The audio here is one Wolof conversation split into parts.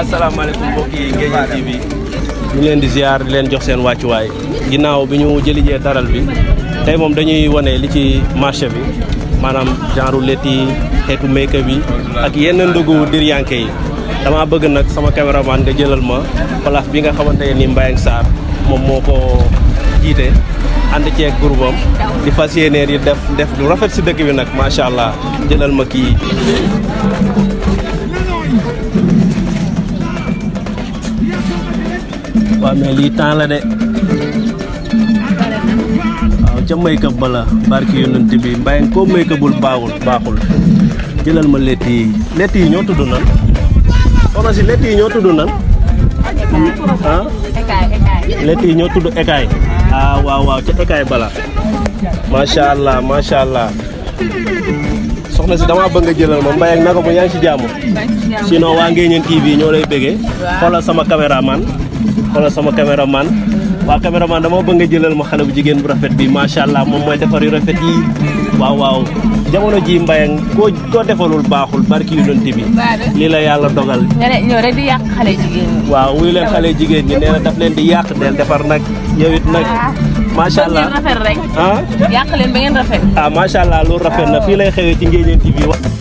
asalaamaaleykum mbokk yi Nguénié TV ñu leen di ziar di leen jox seen wàccuwaay ginnaaw bi ñu jëlijee daral bi tey moom dañuy wane li ci marché bi maanaam genre lett xeetu make bi ak yenn ndogu diryanke yi dama bëgg nag sama caméraman nga jëlal ma place bi nga xamante ne ni Mbayang saar moom moo ko jiite ànd ceeg groupam di fas yéenee yi def def lu rafet si dëkk bi nag macha allah jëlal ma kii Melita la de waaw ca makeup ba la barki yonent bi mbayen ko makeupul baaxul Jalan jëlal ma nyoto donan. lett yi ñoo nyoto donan, soxna si lett yi ñoo tudd nan ah lett yi ñoo tudd ah waaw waaw ca ekaay bala masha allah masha allah soxna si dama bëgg nga jëlal ma mbay ak naka mu si jàmm sinon waa Nguéniène TV ñoo lay bëggee sama kameraman. xoolal sama caméraman waaw caméraman dama bëgg nga jëlal ma xale bu jigéen bu rafet bi macha allah moom mooy defar yu rafet yi waaw waaw jamono ji mbayang koo koo defalul baaxul barki yu doon bi lii la yàlla dogal. nga ne ñoo rek di yàq xale jigéen ñi. waaw wuy leen xale jigéen ñi nee daf leen di yàq del defar nag yow it nag. Ah, macha allah ngeen rafet rek. ah yàq leen ah, na fii lay xewee ci Ngéejeen TV.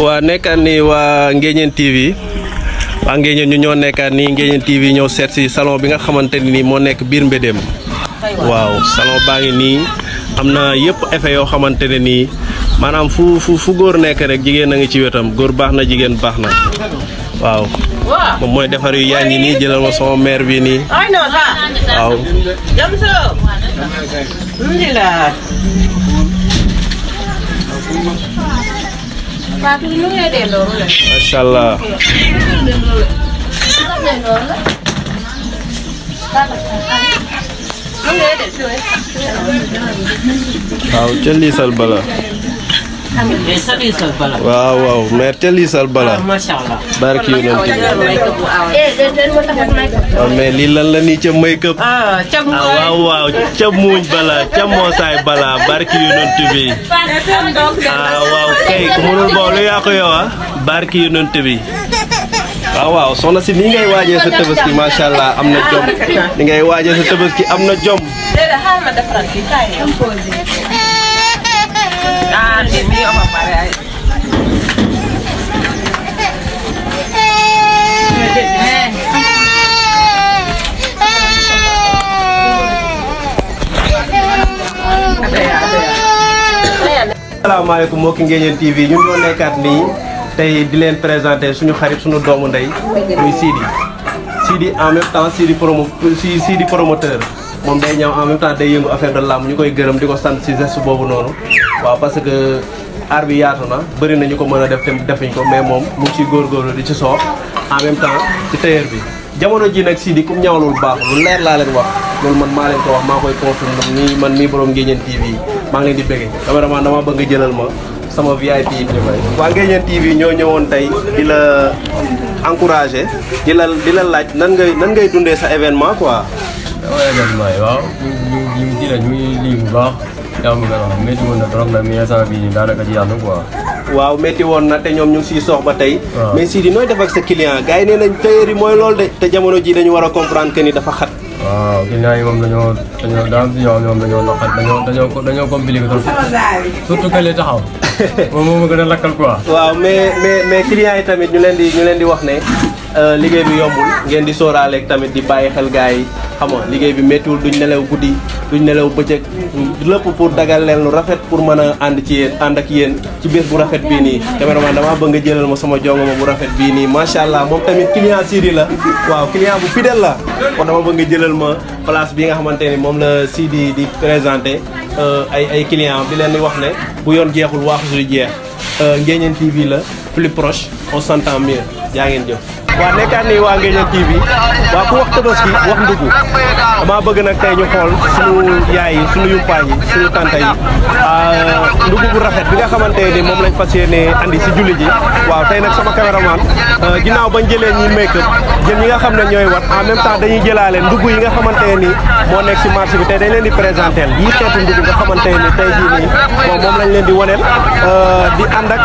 wa nekani wa ngeñen ni TV wa ngeñen ñu ñoo nekani ngeñen TV ñoo set ci salon bi nga xamanteni ni mo nek bir mbedem waaw salon baangi ni amna am effet yo xamanteni ni manam fu fu fu nek rek jigen na ngi ci wetam góor baxna jigen baxna waaw mom moy defar yu yaa ni jëlal ma sama mère bi ni ay no sa jam nii waaw macha allah waaw ca liisal bala waaw waaw mère te liisal bala barki yu nanti waaw eh, ah, mais lii lan la nii ca make-up ah, ah, waaw waaw ca muuñ bala ca moosaay bala barki yu bi ah waaw kay ku mënul boolu yaa ko barki yu bi waaw waaw soxna si ni ngay waajee sa tabaski macha am na jom ni ngay waajee sa tabaski am na jom eh, Nah, Assalamualaikum ini apa TV ñu ñoo nekkat ni tay di leen présenter suñu xarit suñu doomu ndey muy Sidi Sidi en même temps Sidi promo Sidi promoteur mom day ñaw en même temps day yëngu affaire de lamb ñukoy gëreum diko sante ci geste bobu nonu waaw parce que aar bi yaatu na bëri nañu ko mën a def te defuñ ko mais moom mu ci ciy góorgóorlu di ci soox en même temps ci tailleur bi jamono ji nag di kum ñawalul baaxul lu leer laa leen wax loolu man maa leen ko wax maa koy confirme nii man mii borom Nguéniène TV maa ngi leen di bëgge vraiment dama bëgg jëlal ma sama VIP yi ñu fay waa Nguéniène TV ñoo ñëwoon tey di la encouragé di la di la laaj nan ngay nan ngay dundee sa événement quoi. waaw événement yi waaw ñu yaa ma gën a xam métti woon na trop nag mais instant yàlla quoi. waaw métti woon na te ñoom ñu ngi ba tey. mais si di nooy def ak sa client gars yi nee nañ tailleur yi mooy loolu de te jamono ji dañu war a comprendre que ni dafa xat. waaw client yi moom dañoo dañoo si ñoom dañoo naqar dañoo dañoo dañoo compliqué trop surtout taxaw moom moo ma gën a lakkal quoi. waaw mais mais client yi tamit ñu leen di ñu leen di wax ne. Eh, liggéey bi yombul ngeen di ak tamit di baye xel gaay yi xam nga liggéey bi metul duñ nelew guddi duñ nelew bëccëg lepp pour dagal leen lu rafet pour mën and ci yeen and ak yeen ci bés bu rafet Bini, ni cameraman damaa bëgg jëlal ma sama jongo mo bu rafet bii nii macha allah tamit client Sidy la waaw client bu fidèle la kon dama bëgg jëlal ma place bi nga xamanteni mom la di euh ay ay client bi leen di wax ne bu yoon jeexul waxu jeex eh, ngeñen TV la plus proche on s'entend mieux ya ngeen jëf waa nekkaat nii waa Nguéniène TV waa ku wax tabaski wax ndugu dama bëgg nag tey ñu xool suñu yaay yi suñu yumpaañ yi suñu tante yi ah, ndugu bu rafet bi nga xamante ni moom lañ fas yéene andi si julli ji waaw tey nag sama caméraman ah, ginnaaw bañ jëlee ñi make up jël nga xam ne ñooy wat en même temps dañuy jëlaale ndugu yi nga xamante ni moo nekk si marché bi leen di présenté yii xeetu ndugu nga xamante ni tey jii nii bon moom lañ leen di waneel ah, di ànd ak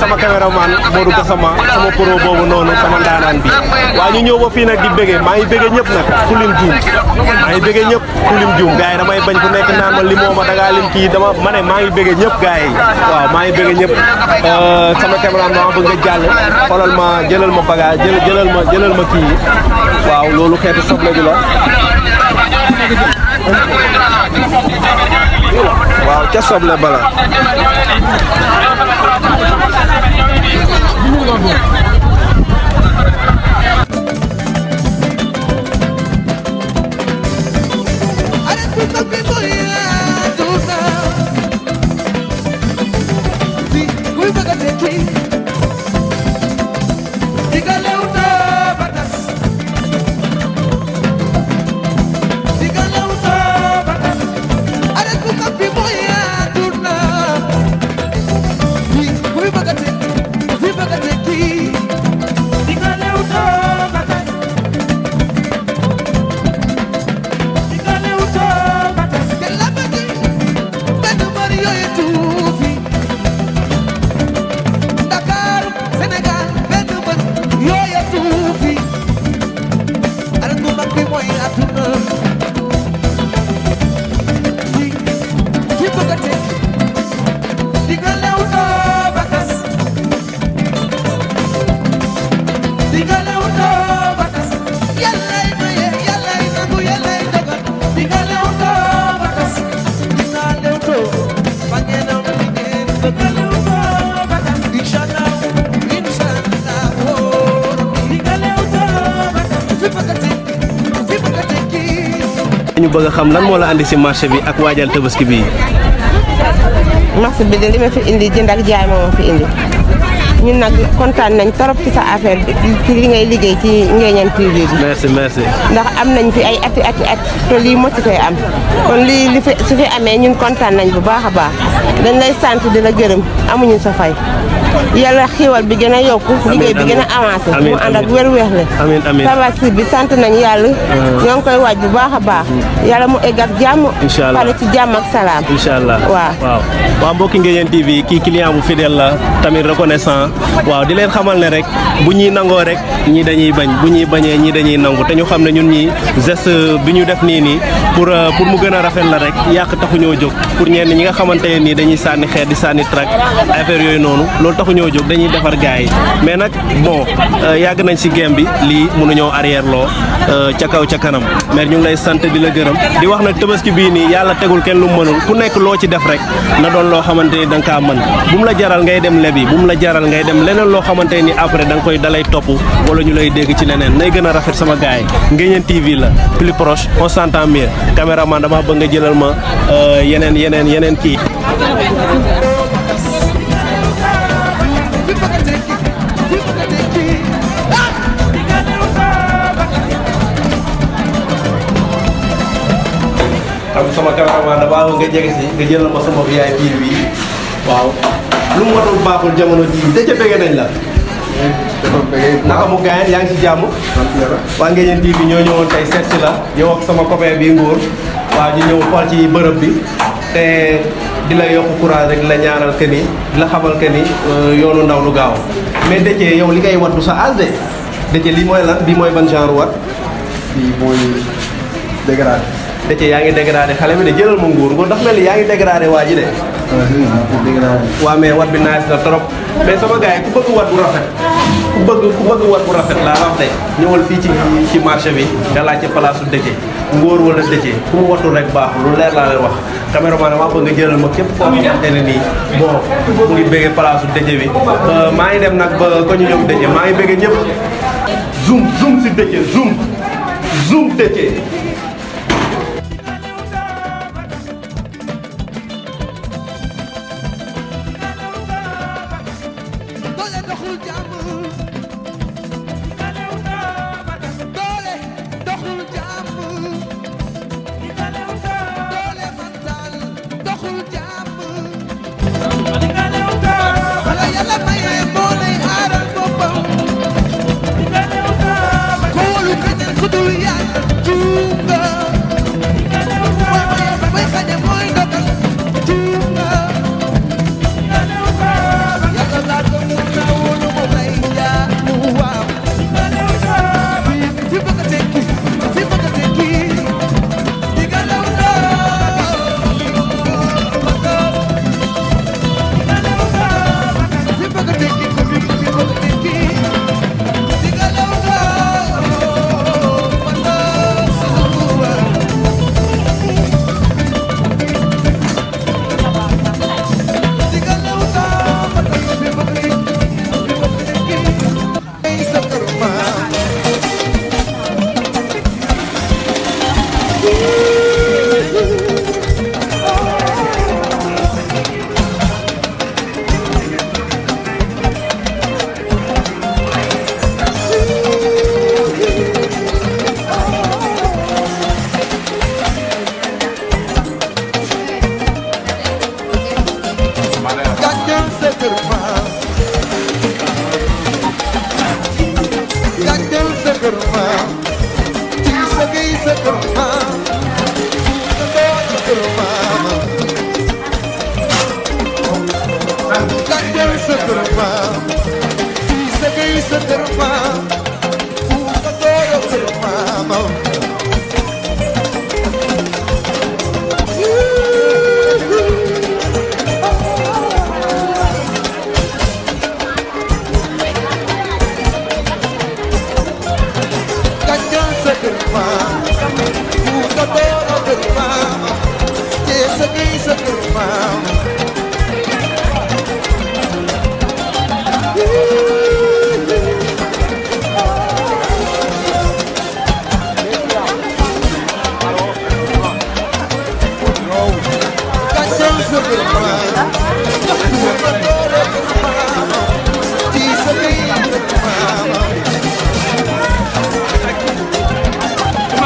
sama caméraman Modou Gassama sama sama pro boobu noonu sama ndaana ndaanaan ñu ñëw ba fii nag di bége maa ngi bége ñëpp nag ku lim juum maa ngi bége ñëpp ku juum gars damay bañ bu nekk naa ma limoo ma da lim kii dama ma maa ngi bége ñëpp gars yi waaw maa ngi bége ñëpp euh, sama caméra ma bëgg nga jàll xoolal ma jëlal ma bagage jël jëlal ma jëlal ma kii waaw loolu xeetu soble bi ñu bëgg xam lan moo la andi si marché bi ak waajal tabaski bii. marché bi de li ma fi indi jënd ak jaay moo fi indi ñun nag kontaan nañ torop ci sa affaire bi ci li ngay liggéey ci Nguéniène TV bi. merci merci. ndax am nañ fi ay ati ati at te lii mosu fee am kon lii li fi amee ñun kontaan nañ bu baax a baax dañ lay sant di la gërëm amuñu sa fay. yàlla xiiwal bi gën a yokku liggéey bi gën a avancé mu ànd ak wér-wér le tabaski bi sant nañu yàlla ah. ñoo ngi koy waaj bu baax a baax mm-hmm. yàlla mu egg ak jàmm pare ci jàmm ak salaam incha waaw waaw waaw mbokki TV kii client bu fidèle la tamit reconnaissant waaw di leen xamal ne rek bu ñuy nangoo rek ñi dañuy bañ bu ñuy bañee ñi dañuy nangu te ñu xam ne ñun ñi geste bi ñu def nii nii pour euh, pour mu gën a rafet la rek yàq taxuñoo jóg pour ñenn ñi nga xamante ne dañuy sànni xeer di sànni track affaire yooyu noonu loolu ñoo jog dañuy defar gaay mais nak bon euh, yag nañ ci game bi mënu ñoo arrière lo euh, ca kaw ca kanam mais ñu ngi lay sante di la gëreum di wax nag tebeski bi ni yalla tegul kenn lu mënul ku nekk lo ci def rek na doon lo xamanteni dang da man bu mu la jaral ngay dem lebi bu mu la jaral ngay dem leneen lo xamanteni après dang koy dalay top wala ñu lay dégg ci leneen nay gëna rafet sama gaay ngéñeen tv la plus proche on s'entend mieux caméraman dama bëgg jëlal ma yenen ki thank you Aku sama cameraman dama am nga jégé ci nga jël ma sama VIP bi waaw lu mu watul baaxul jamono ji te bëgg nañ la naka mu gaay yaa ngi ci jàmm waa ngeen TV ñoo ñëwoon tey set la yow sama copain bi nguur waaw ñu ñëw xool ci bërëb bi te di la yokk courage rek la ñaanal que ni di la xamal que ni yoonu ndaw lu gaaw mais dëcce yow li ngay wattu sa lima de dëcce li mooy lan dëcc yaa ngi dégradé xale bi de jëlal ma nguur nguur dafa mel ni yaa ngi dégradé waa ji de. waaw mais wat bi naaj na trop. mais sama gaa yi ku bëgg wat bu rafet. ku bëgg ku bëgg wat bu rafet laa wax de ñëwal fii ci ci marché bi nga laajte place su dëcc ngóor wala dëcc ku mu watul rek baax lu leer laa leen wax caméraman maa bëgg nga jëlal ma képp koo xamante ne nii bon mu ngi bëggee place su bi maa ngi dem nag ba ko ñu ñëw dëcc maa ngi bëggee ñëpp zoom derramar Diz a quem se derramar Uma dor eu derramar Muita dor ao Que essa quem se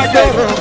my girl.